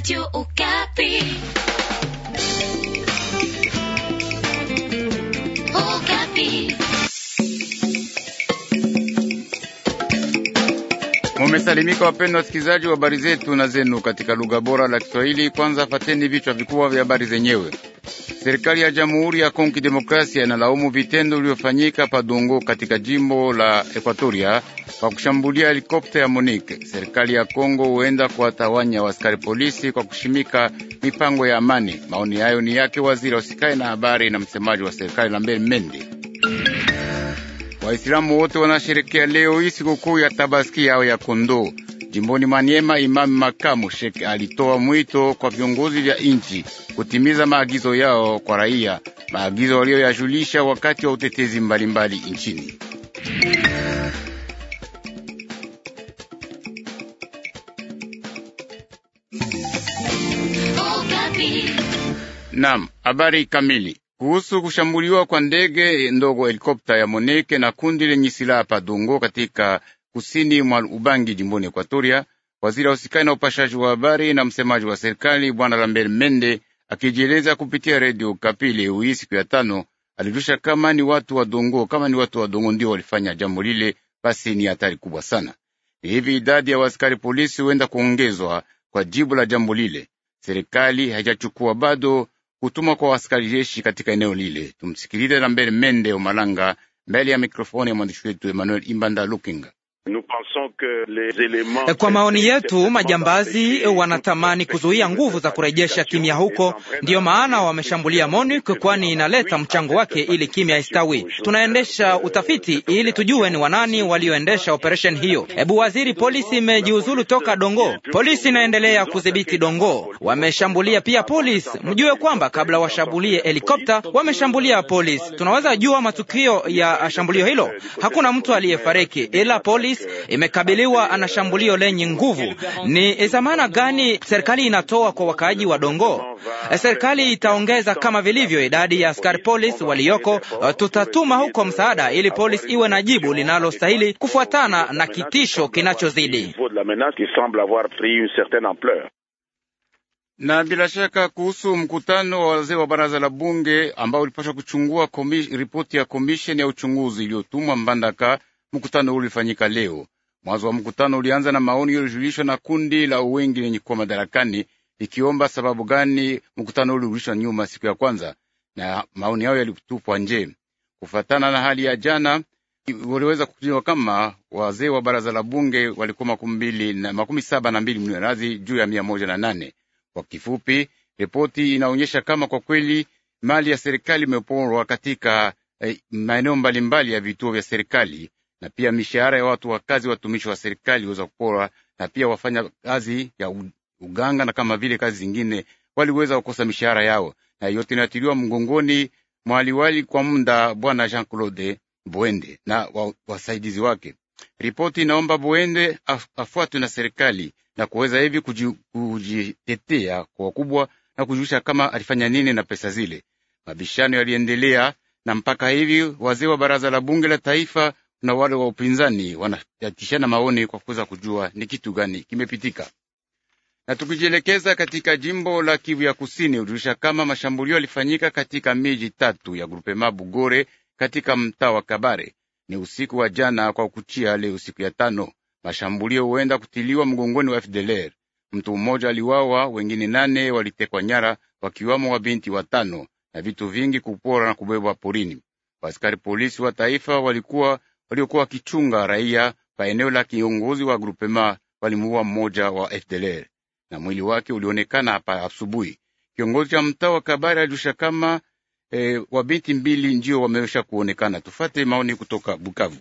Radio Okapi. Okapi. Mumesalimika wapendwa wasikilizaji wa habari zetu na zenu katika lugha bora la Kiswahili. Kwanza fateni vichwa vikubwa vya habari zenyewe. Serikali ya Jamhuri ya Kongo Demokrasia inalaumu vitendo vilivyofanyika Padungu katika jimbo la Ekwatoria kwa kushambulia helikopta ya Monique. Serikali ya Kongo huenda kuwatawanya askari polisi kwa kushimika mipango ya amani. Maoni hayo ni yake waziri usikae na habari na msemaji wa serikali Lambert Mende. Waislamu wote wanasherekea leo hii sikukuu ya Tabaski yao ya kondoo. Jimboni Maniema, Imami makamu Shek alitoa mwito kwa viongozi vya nchi kutimiza maagizo yao kwa raia, maagizo waliyoyajulisha wakati wa utetezi mbalimbali mbali nchini. Nam, habari kamili kuhusu kushambuliwa kwa ndege ndogo helikopta ya Moneke na kundi lenye silaha Padungo katika kusini mwa Ubangi jimboni Ekwatoria. Waziri wa usikani na upashaji wa habari na msemaji wa serikali bwana Lambert Mende akijieleza kupitia redio Kapili hii siku ya tano alijulisha kama ni watu wa Dongo, kama ni watu wa Dongo ndio walifanya jambo lile, basi ni hatari kubwa sana. Ni hivi idadi ya waskari polisi huenda kuongezwa kwa jibu la jambo lile. Serikali haijachukua bado kutuma kwa waskari jeshi katika eneo lile. Tumsikilize Lambert Mende Omalanga mbele ya mikrofoni ya mwandishi wetu Emmanuel Imbanda Lukinga. Eh, kwa maoni yetu, majambazi wanatamani kuzuia nguvu za kurejesha kimya huko. Ndiyo maana wameshambulia MONUC, kwani inaleta mchango wake ili kimya istawi. Tunaendesha utafiti ili tujue ni wanani walioendesha operesheni hiyo. ebu waziri polisi imejiuzulu toka Dongo, polisi inaendelea kudhibiti Dongo. Wameshambulia pia polisi, mjue kwamba kabla washambulie helikopta wameshambulia polisi. Tunaweza jua matukio ya shambulio hilo, hakuna mtu aliyefariki ila polisi Paris imekabiliwa na shambulio lenye nguvu. Ni zamana gani serikali inatoa kwa wakaaji wa Dongo? Serikali itaongeza kama vilivyo idadi ya askari polisi walioko. Tutatuma huko msaada ili polisi iwe na jibu linalostahili kufuatana na kitisho kinachozidi. Na bila shaka kuhusu mkutano wa wazee wa baraza la bunge ambao ulipaswa kuchungua ripoti ya komisheni ya uchunguzi iliyotumwa Mbandaka Mkutano huu ulifanyika leo. Mwanzo wa mkutano ulianza na maoni yaliyojulishwa na kundi la wengi lenye kuwa madarakani likiomba sababu gani mkutano ulirudishwa nyuma siku ya kwanza, na maoni yao yalitupwa nje. Kufatana na hali ya jana, waliweza kujua kama wazee wa baraza la bunge walikuwa makumi saba na mbili mnerazi juu ya mia moja na nane. Kwa kifupi, ripoti inaonyesha kama kwa kweli mali ya serikali imeporwa katika eh, maeneo mbalimbali ya vituo vya serikali na pia mishahara ya watu wa kazi watumishi wa serikali weza kuporwa, na pia wafanya kazi ya uganga na kama vile kazi zingine waliweza kukosa mishahara yao, na yote inatiliwa mgongoni mwaliwali kwa muda Bwana Jean Claude Bwende na wa, wasaidizi wake. Ripoti inaomba Bwende af, afuatwe na serikali na kuweza hivi kujitetea kuji kwa wakubwa na kujulisha kama alifanya nini na pesa zile. Mabishano yaliendelea na mpaka hivi wazee wa baraza la bunge la taifa na wale wa upinzani wanatishana maoni kwa kuweza kujua ni kitu gani kimepitika. Na tukijielekeza katika jimbo la Kivu ya Kusini, hujulisha kama mashambulio yalifanyika katika miji tatu ya grupema Bugore katika mtaa wa Kabare ni usiku wa jana kwa kuchia leo siku ya tano. Mashambulio huenda kutiliwa mgongoni wa FDLR. Mtu mmoja aliwawa, wengine nane walitekwa nyara, wakiwamo wa binti watano na vitu vingi kupora na kubebwa porini. Askari polisi wa taifa walikuwa waliokuwa wakichunga raia pa eneo la kiongozi wa grupema walimuua mmoja wa FDLR na mwili wake ulionekana hapa asubuhi. Kiongozi cha mtaa wa Kabare aliusha kama e, eh, wabinti mbili ndio wamewesha kuonekana. Tufate maoni kutoka Bukavu.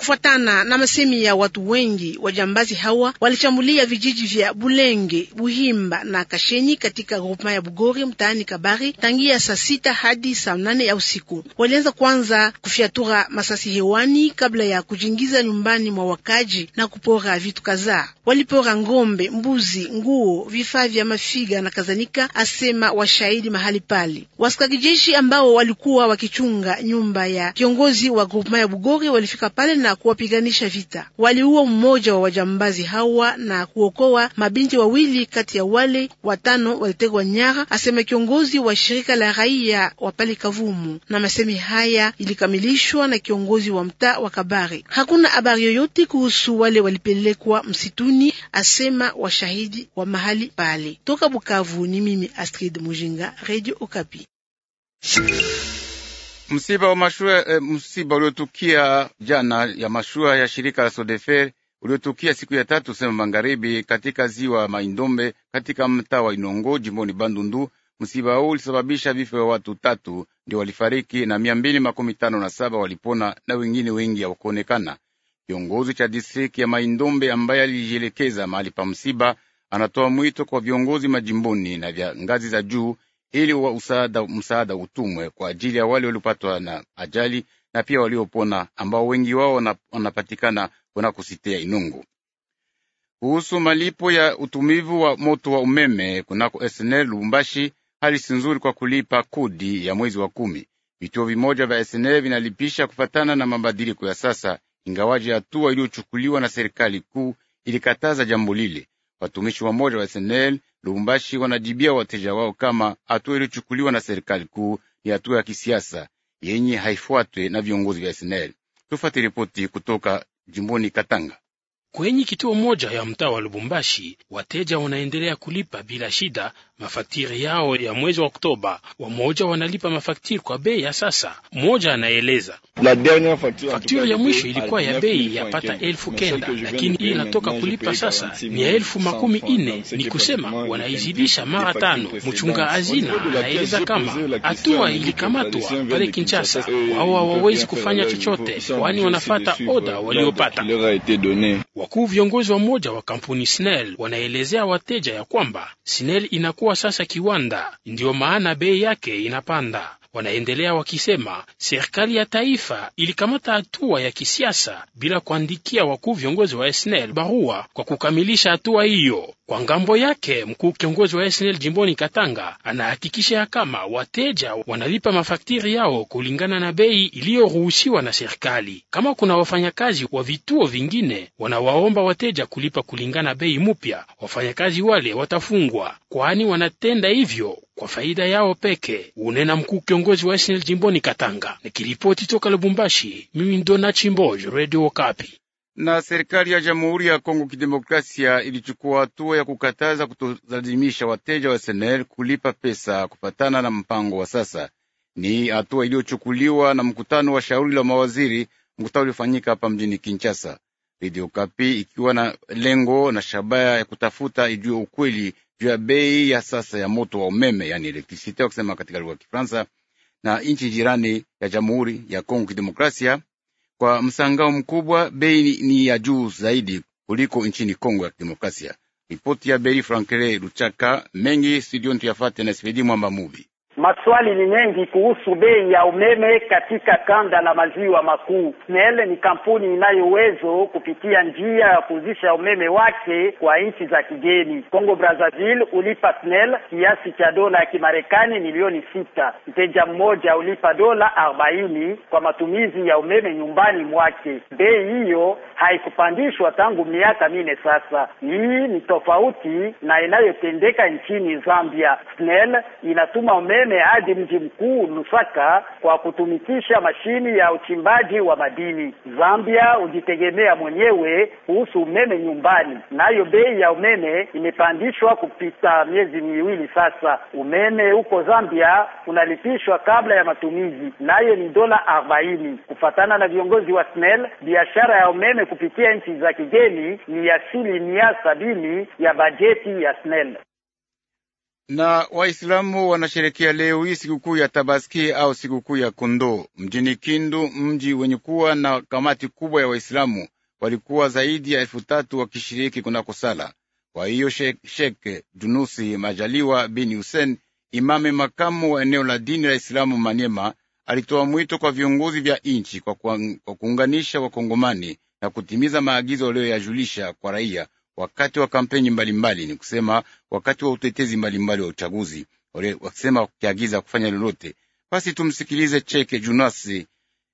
Kufuatana na masemi ya watu wengi, wajambazi hawa walishambulia vijiji vya Bulenge, Buhimba na Kashenyi katika groupema ya Bugori mtaani Kabari tangia saa sita hadi saa nane ya usiku. Walianza kwanza kufyatura masasi hewani kabla ya kujingiza nyumbani mwa wakaji na kupora vitu kadhaa. Walipora ngombe, mbuzi, nguo, vifaa vya mafiga na kadhalika, asema washahidi mahali pale. Waskari jeshi ambao walikuwa wakichunga nyumba ya kiongozi wa groupema ya Bugori walifika pale na na kuwapiganisha vita. Waliua mmoja wa wajambazi hawa na kuokoa mabinti wawili kati ya wale watano walitegwa nyara, asema kiongozi wa shirika la raia wa pale Kavumu. Na masemi haya ilikamilishwa na kiongozi wa mtaa wa Kabare. Hakuna habari yoyote kuhusu wale walipelekwa msituni, asema washahidi wa mahali pale. Toka Bukavu ni mimi Astrid Mujinga, Radio Okapi. Msiba wa mashua e, msiba uliotukia jana ya mashua ya shirika la Sodefer uliotukia siku ya tatu sema magharibi katika ziwa Maindombe katika mtaa wa Inongo jimboni Bandundu. Msiba huu ulisababisha vifo vya watu tatu ndio walifariki na mia mbili makumi tano na saba walipona na wengine wengi hawakuonekana. Kiongozi cha distrikti ya Maindombe ambaye alijielekeza mahali pa msiba anatoa mwito kwa viongozi majimboni na vya ngazi za juu ili wa usaada, msaada utumwe kwa ajili ya wale waliopatwa na ajali na pia waliopona ambao wengi wao wanapatikana kunakusitea Inungu. Kuhusu malipo ya utumivu wa moto wa umeme kunako SNL Lubumbashi, hali si nzuri kwa kulipa kodi ya mwezi wa kumi. Vituo vimoja vya SNL vinalipisha kufatana na mabadiliko ya sasa, ingawaji hatua iliyochukuliwa na serikali kuu ilikataza jambo lile. Watumishi wamoja wa SNL Lubumbashi wanajibia wateja wao kama hatua iliyochukuliwa na serikali kuu ni hatua ya kisiasa yenye haifuatwe na viongozi vya SNL. Tufuate ripoti kutoka jimboni Katanga. Kwenye kituo moja ya mtaa wa Lubumbashi, wateja wanaendelea kulipa bila shida mafaktiri yao ya mwezi wa Oktoba. Wamoja wanalipa mafaktiri kwa bei ya sasa. Mmoja anaeleza fakturi ya mwisho ilikuwa ya bei ya pata elfu kenda lakini hii inatoka kulipa sasa ni ya elfu makumi ine. Ni kusema wanaizidisha mara tano. Mchunga azina anaeleza kama hatua ilikamatwa pale Kinshasa, wao hawawezi kufanya chochote, kwani wanafata oda waliopata. Wakuu viongozi wa moja wa kampuni Snel wanaelezea wateja ya kwamba Snel inakuwa kuwa sasa kiwanda, ndiyo maana bei yake inapanda. Wanaendelea wakisema serikali ya taifa ilikamata hatua ya kisiasa bila kuandikia wakuu viongozi wa SNL barua kwa kukamilisha hatua hiyo. Kwa ngambo yake, mkuu kiongozi wa SNL jimboni Katanga anahakikisha ya kama wateja wanalipa mafaktiri yao kulingana na bei iliyoruhusiwa na serikali. Kama kuna wafanyakazi wa vituo vingine wanawaomba wateja kulipa kulingana bei mupya, wafanyakazi wale watafungwa, kwani wanatenda hivyo kwa faida yao peke, unena mkuu kiongozi wa SNL jimboni Katanga. Nikiripoti toka Lubumbashi, mimi Ndona Chimbojo, Radio Okapi. Na serikali ya Jamhuri ya Kongo Kidemokrasia ilichukua hatua ya kukataza kutozalimisha wateja wa SNL kulipa pesa kufatana na mpango wa sasa. Ni hatua iliyochukuliwa na mkutano wa shauri la mawaziri, mkutano uliofanyika hapa mjini Kinshasa. Radio Kapi ikiwa na lengo na shabaha ya kutafuta ijue ukweli juu ya bei ya sasa ya moto wa umeme, yani elektrisite wakisema katika lugha ya Kifaransa, na nchi jirani ya Jamhuri ya Kongo Kidemokrasia. Kwa msangao mkubwa, bei ni ya juu zaidi kuliko nchini Kongo ya Kidemokrasia. Ripoti ya Beri Frankele Luchaka mengi studio ntuyafate na Sfedi Mwamba Mubi. Maswali ni mengi kuhusu bei ya umeme katika kanda la maziwa makuu. SNEL ni kampuni inayo uwezo kupitia njia ya kuuzisha umeme wake kwa nchi za kigeni. Congo Brazzaville ulipa SNEL kiasi cha dola ya Kimarekani milioni sita. Mteja mmoja ulipa dola arobaini kwa matumizi ya umeme nyumbani mwake. Bei hiyo haikupandishwa tangu miaka minne sasa. Hii ni tofauti na inayotendeka nchini Zambia. SNEL inatuma umeme Mbene hadi mji mkuu Lusaka kwa kutumikisha mashini ya uchimbaji wa madini. Zambia hujitegemea mwenyewe kuhusu umeme nyumbani, nayo bei ya umeme imepandishwa kupita miezi miwili sasa. Umeme huko Zambia unalipishwa kabla ya matumizi, nayo ni dola arobaini. Kufatana na viongozi wa SNEL, biashara ya umeme kupitia nchi za kigeni ni asilimia sabini ya bajeti ya SNEL na Waislamu wanasherekea leo hii sikukuu ya Tabaski au sikukuu ya kondoo mjini Kindu, mji wenye kuwa na kamati kubwa ya Waislamu walikuwa zaidi ya elfu tatu wakishiriki kunako sala. Kwa hiyo Shek Junusi Majaliwa bin Hussein, imame makamu wa eneo la dini la Islamu manyema alitoa mwito kwa viongozi vya nchi kwa kuunganisha Wakongomani na kutimiza maagizo aliyoyajulisha kwa raia wakati wa kampeni mbalimbali ni kusema wakati wa utetezi mbalimbali wa uchaguzi, wakisema wakiagiza kufanya lolote. Basi tumsikilize Cheke Junasi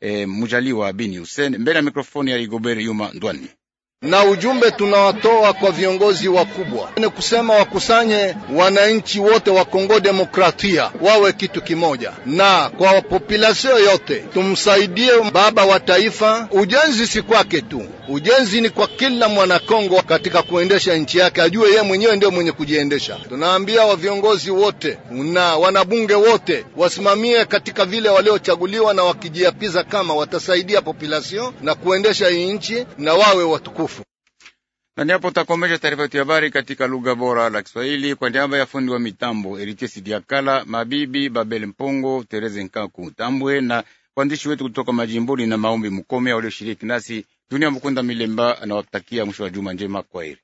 e, eh, Mujaliwa Bini Hussein mbele ya mikrofoni ya Rigobert Yuma Ndwani na ujumbe tunawatoa kwa viongozi wakubwa ni kusema wakusanye wananchi wote wa Kongo Demokratia wawe kitu kimoja, na kwa populasio yote tumsaidie baba wa taifa. Ujenzi si kwake tu, Ujenzi ni kwa kila mwanakongo katika kuendesha nchi yake, ajue yeye mwenyewe ndio mwenye kujiendesha. Tunaambia wa viongozi wote na wanabunge wote wasimamie katika vile waliochaguliwa, na wakijiapiza kama watasaidia population na kuendesha hii nchi, na wawe watukufu. Na ndipo takomesha taarifa yetu ya habari katika lugha bora la Kiswahili kwa niaba ya fundi wa mitambo Eritier Sidiakala, Mabibi Babel Mpongo, Tereze Nkaku Tambwe na Waandishi wetu kutoka majimboni na maombi Mukome walioshiriki nasi. Dunia Mukunda Milemba anawatakia mwisho wa juma njema. Kwaheri.